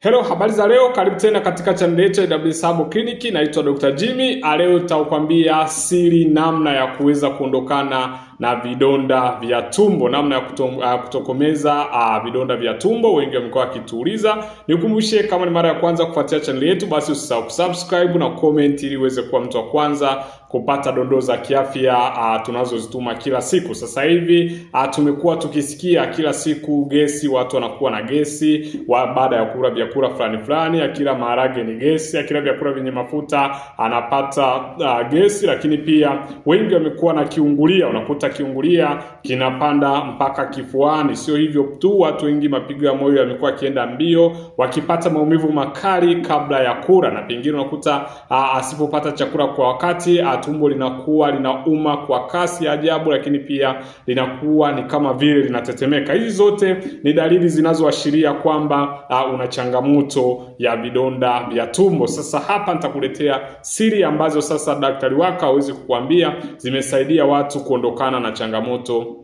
Hello, habari za leo, karibu tena katika chaneli yetu ya W Sabo Clinic. Naitwa Dr. Jimmy. Leo nitakwambia siri namna ya kuweza kuondokana na vidonda vya tumbo, namna ya uh, kutokomeza uh, vidonda vya tumbo. Wengi wamekuwa wakituuliza. Nikumbushe, kama ni mara ya kwanza kufuatia channel yetu, basi usisahau kusubscribe na comment ili uweze kuwa mtu wa kwanza kupata dondoo za kiafya uh, tunazozituma kila siku. Sasa hivi uh, tumekuwa tukisikia kila siku gesi, watu wanakuwa na gesi wa baada ya kula vyakula fulani fulani. Akila maharage ni gesi, akila vyakula vyenye mafuta anapata uh, gesi. Lakini pia wengi wamekuwa na kiungulia, unakuta cha kiungulia kinapanda mpaka kifuani. Sio hivyo tu, watu wengi mapigo ya moyo yamekuwa akienda mbio, wakipata maumivu makali kabla ya kura, na pengine unakuta asipopata chakula kwa wakati, tumbo linakuwa linauma kwa kasi ya ajabu, lakini pia linakuwa ni kama vile linatetemeka. Hizi zote ni dalili zinazoashiria kwamba una changamoto ya vidonda vya tumbo. Sasa hapa nitakuletea siri ambazo sasa daktari wako hawezi kukuambia, zimesaidia watu kuondokana na changamoto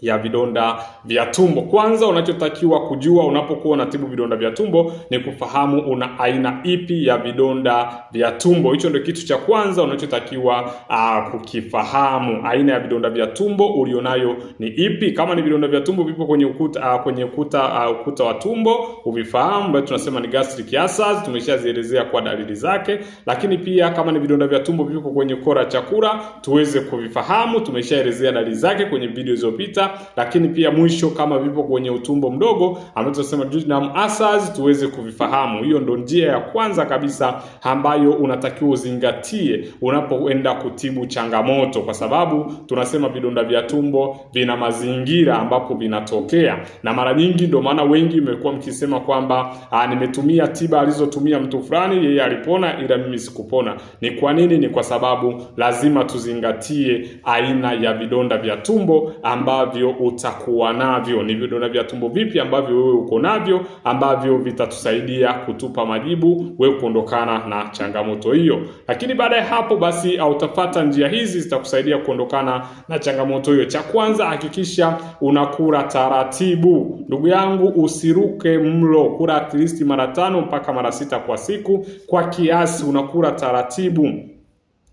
ya vidonda vya tumbo. Kwanza unachotakiwa kujua unapokuwa unatibu vidonda vya tumbo ni kufahamu una aina ipi ya vidonda vya tumbo. Hicho ndio kitu cha kwanza unachotakiwa uh, kukifahamu. Aina ya vidonda vya tumbo ulionayo ni ipi? Kama ni vidonda vya tumbo vipo kwenye ukuta uh, kwenye ukuta uh, ukuta wa tumbo, uvifahamu ambayo tunasema ni gastric ulcers, tumeshazielezea kwa dalili zake. Lakini pia kama ni vidonda vya tumbo vipo kwenye kora chakula, tuweze kuvifahamu, tumeshaelezea dalili zake kwenye video zilizopita lakini pia mwisho kama vipo kwenye utumbo mdogo ambacho tunasema duodenum ulcers tuweze kuvifahamu. Hiyo ndio njia ya kwanza kabisa ambayo unatakiwa uzingatie unapoenda kutibu changamoto, kwa sababu tunasema vidonda vya tumbo vina mazingira ambapo vinatokea, na mara nyingi ndio maana wengi mmekuwa mkisema kwamba ah, nimetumia tiba alizotumia mtu fulani, yeye alipona, ila mimi sikupona. Ni kwa nini? Ni kwa sababu lazima tuzingatie aina ya vidonda vya tumbo ambavyo ambavyo utakuwa navyo, ni vidonda vya tumbo vipi ambavyo wewe uko navyo ambavyo vitatusaidia kutupa majibu wewe kuondokana na changamoto hiyo. Lakini baada ya hapo basi utafata njia hizi zitakusaidia kuondokana na changamoto hiyo. Cha kwanza, hakikisha unakula taratibu. Ndugu yangu, usiruke mlo, kula at least mara tano mpaka mara sita kwa siku, kwa kiasi, unakula taratibu.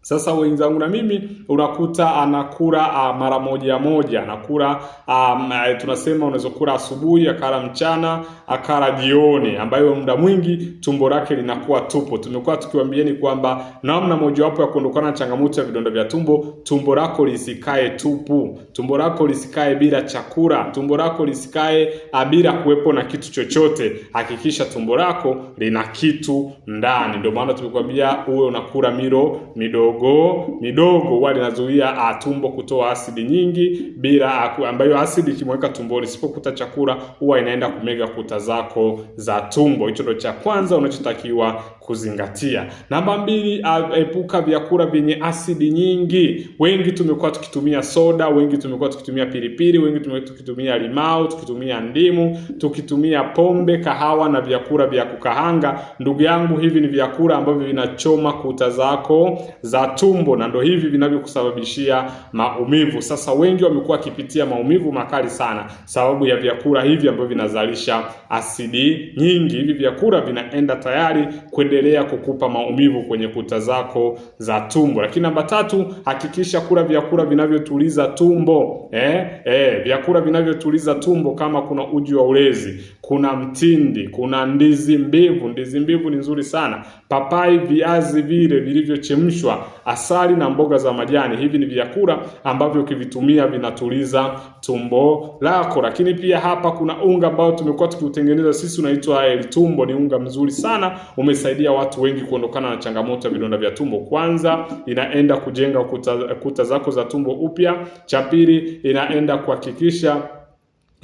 Sasa wenzangu na mimi unakuta anakula ah, mara moja moja anakula um, tunasema unaweza kula asubuhi, akala mchana, akala jioni, ambayo muda mwingi tumbo lake linakuwa tupo. Tumekuwa tukiwaambieni kwamba namna mojawapo ya kuondokana na changamoto ya vidonda vya tumbo, tumbo lako lisikae tupu, tumbo lako lisikae bila chakula, tumbo lako lisikae ah, bila kuwepo na kitu chochote. Hakikisha tumbo lako lina kitu ndani. Ndio maana tumekuambia uwe unakula milo midogo midogo midogo huwa linazuia ah, tumbo kutoa asidi nyingi bila ah, ambayo asidi ikimweka tumboni isipokuta chakula huwa inaenda kumega kuta zako za tumbo. Hicho ndo cha kwanza unachotakiwa kuzingatia. Namba mbili, epuka vyakula vyenye asidi nyingi. Wengi tumekuwa tukitumia soda, wengi tumekuwa tukitumia pilipili, wengi tumekuwa tukitumia limau, tukitumia ndimu, tukitumia pombe, kahawa na vyakula vya kukahanga. Ndugu yangu, hivi ni vyakula ambavyo vinachoma kuta zako za tumbo na ndo hivi vinavyokusababishia maumivu. Sasa wengi wamekuwa wakipitia maumivu makali sana sababu ya vyakula hivi ambavyo vinazalisha asidi nyingi. Hivi vyakula vinaenda tayari kwenda kuendelea kukupa maumivu kwenye kuta zako za tumbo. Lakini namba tatu, hakikisha kula vyakula vinavyotuliza tumbo eh, eh, vyakula vinavyotuliza tumbo kama kuna uji wa ulezi, kuna mtindi, kuna ndizi mbivu. Ndizi mbivu ni nzuri sana, papai, viazi vile vilivyochemshwa, asali na mboga za majani. Hivi ni vyakula ambavyo ukivitumia vinatuliza tumbo lako. Lakini pia hapa kuna unga ambao tumekuwa tukiutengeneza sisi, unaitwa L-Tumbo. Ni unga mzuri sana, umesaidia inasaidia watu wengi kuondokana na changamoto ya vidonda vya tumbo. Kwanza, inaenda kujenga kuta, kuta zako za tumbo upya. Cha pili, inaenda kuhakikisha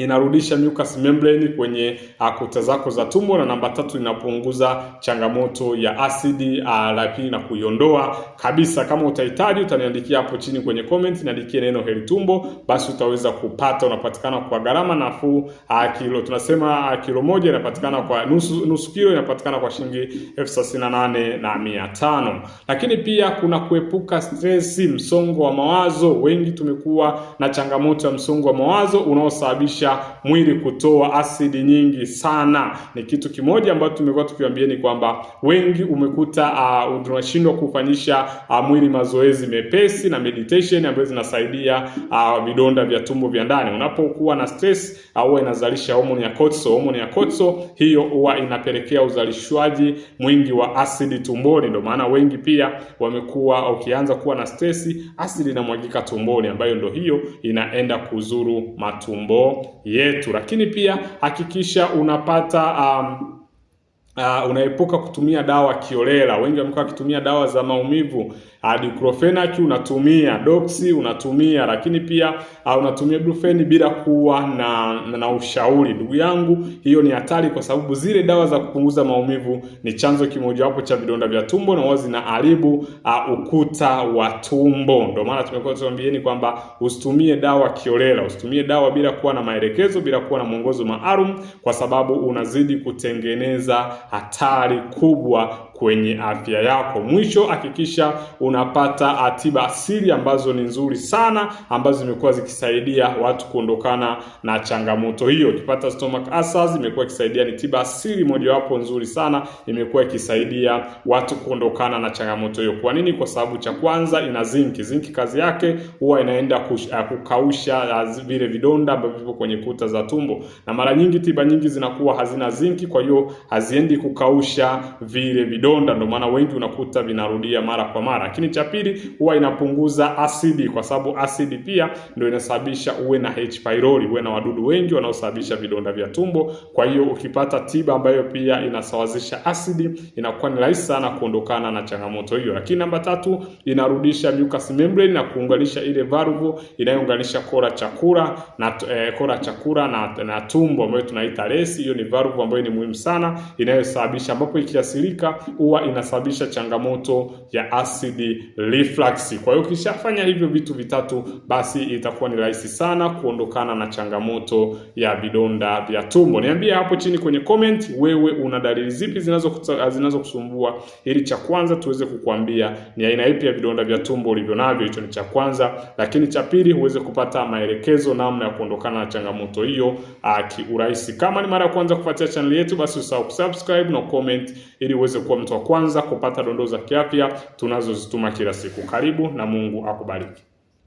inarudisha mucous membrane kwenye ah, kuta zako za tumbo, na namba tatu inapunguza changamoto ya asidi ah, la pili na kuiondoa kabisa. Kama utahitaji utaniandikia hapo chini kwenye comment, niandikie neno heri tumbo, basi utaweza kupata. Unapatikana kwa gharama nafuu. Ah, kilo tunasema kilo moja inapatikana kwa nusu, nusu kilo inapatikana kwa shilingi elfu thelathini na nane na mia tano. Lakini pia kuna kuepuka stress, msongo wa mawazo. Wengi tumekuwa na changamoto ya msongo wa mawazo unaosababisha kusababisha mwili kutoa asidi nyingi sana. Ni kitu kimoja ambacho tumekuwa ni kwamba wengi umekuta uh, unashindwa kufanyisha uh, mwili mazoezi mepesi na meditation ambazo zinasaidia uh, vidonda vya tumbo vya ndani. Unapokuwa na stress uh, huwa uh, inazalisha homoni ya cortisol. Homoni ya cortisol hiyo huwa inapelekea uzalishwaji mwingi wa asidi tumboni, ndio maana wengi pia wamekuwa uh, ukianza kuwa na stress asidi inamwagika tumboni, ambayo ndio hiyo inaenda kuzuru matumbo yetu, lakini pia hakikisha unapata um, Uh, unaepuka kutumia dawa kiolela. Wengi wamekuwa wakitumia dawa za maumivu. Uh, diclofenac unatumia, doxy unatumia, lakini pia uh, unatumia brufen bila kuwa na, na, na ushauri. Ndugu yangu, hiyo ni hatari, kwa sababu zile dawa za kupunguza maumivu ni chanzo kimojawapo cha vidonda vya tumbo na huwa zinaharibu uh, ukuta wa tumbo. Ndio maana tumekuwa tunaambieni kwamba usitumie dawa kiolela, usitumie dawa bila kuwa na maelekezo, bila kuwa na mwongozo maalum, kwa sababu unazidi kutengeneza hatari kubwa kwenye afya yako. Mwisho, hakikisha unapata tiba asili ambazo ni nzuri sana, ambazo zimekuwa zikisaidia watu kuondokana na changamoto hiyo. Ukipata stomach ulcers, imekuwa ikisaidia, ni tiba asili mojawapo nzuri sana, imekuwa ikisaidia watu kuondokana na changamoto hiyo. Kwa nini? Kwa sababu cha kwanza, ina zinki. Zinki kazi yake huwa inaenda eh, kukausha eh, vile vidonda ambavyo vipo kwenye kuta za tumbo, na mara nyingi tiba nyingi zinakuwa hazina zinki, kwa hiyo haziendi kukausha vile vidonda vidonda, ndio maana wengi unakuta vinarudia mara kwa mara. Lakini cha pili, huwa inapunguza asidi, kwa sababu asidi pia ndio inasababisha uwe na H pylori, uwe na wadudu wengi wanaosababisha vidonda vya tumbo. Kwa hiyo ukipata tiba ambayo pia inasawazisha asidi, inakuwa ni rahisi sana kuondokana na changamoto hiyo. Lakini namba tatu, inarudisha mucous membrane na kuunganisha ile valve inayounganisha kora chakula na eh, kora chakula na, na tumbo ambayo tunaita lesi. Hiyo ni valve ambayo ni muhimu sana inayosababisha, ambapo ikiasilika huwa inasababisha changamoto ya acid reflux. Kwa hiyo ukishafanya hivyo vitu vitatu, basi itakuwa ni rahisi sana kuondokana na changamoto ya vidonda vya tumbo. Niambie hapo chini kwenye comment, wewe una dalili zipi zinazokusumbua zinazo ili cha kwanza tuweze kukuambia ni aina ipi ya vidonda vya tumbo ulivyo navyo. Hicho ni cha kwanza, lakini cha pili uweze kupata maelekezo namna ya kuondokana na changamoto hiyo ah, kiurahisi. Kama ni mara ya kwanza kufuatia channel yetu, basi usahau kusubscribe na comment ili uweze kuwa mtu mtu wa kwanza kupata dondoo za kiafya tunazozituma kila siku. Karibu na Mungu akubariki.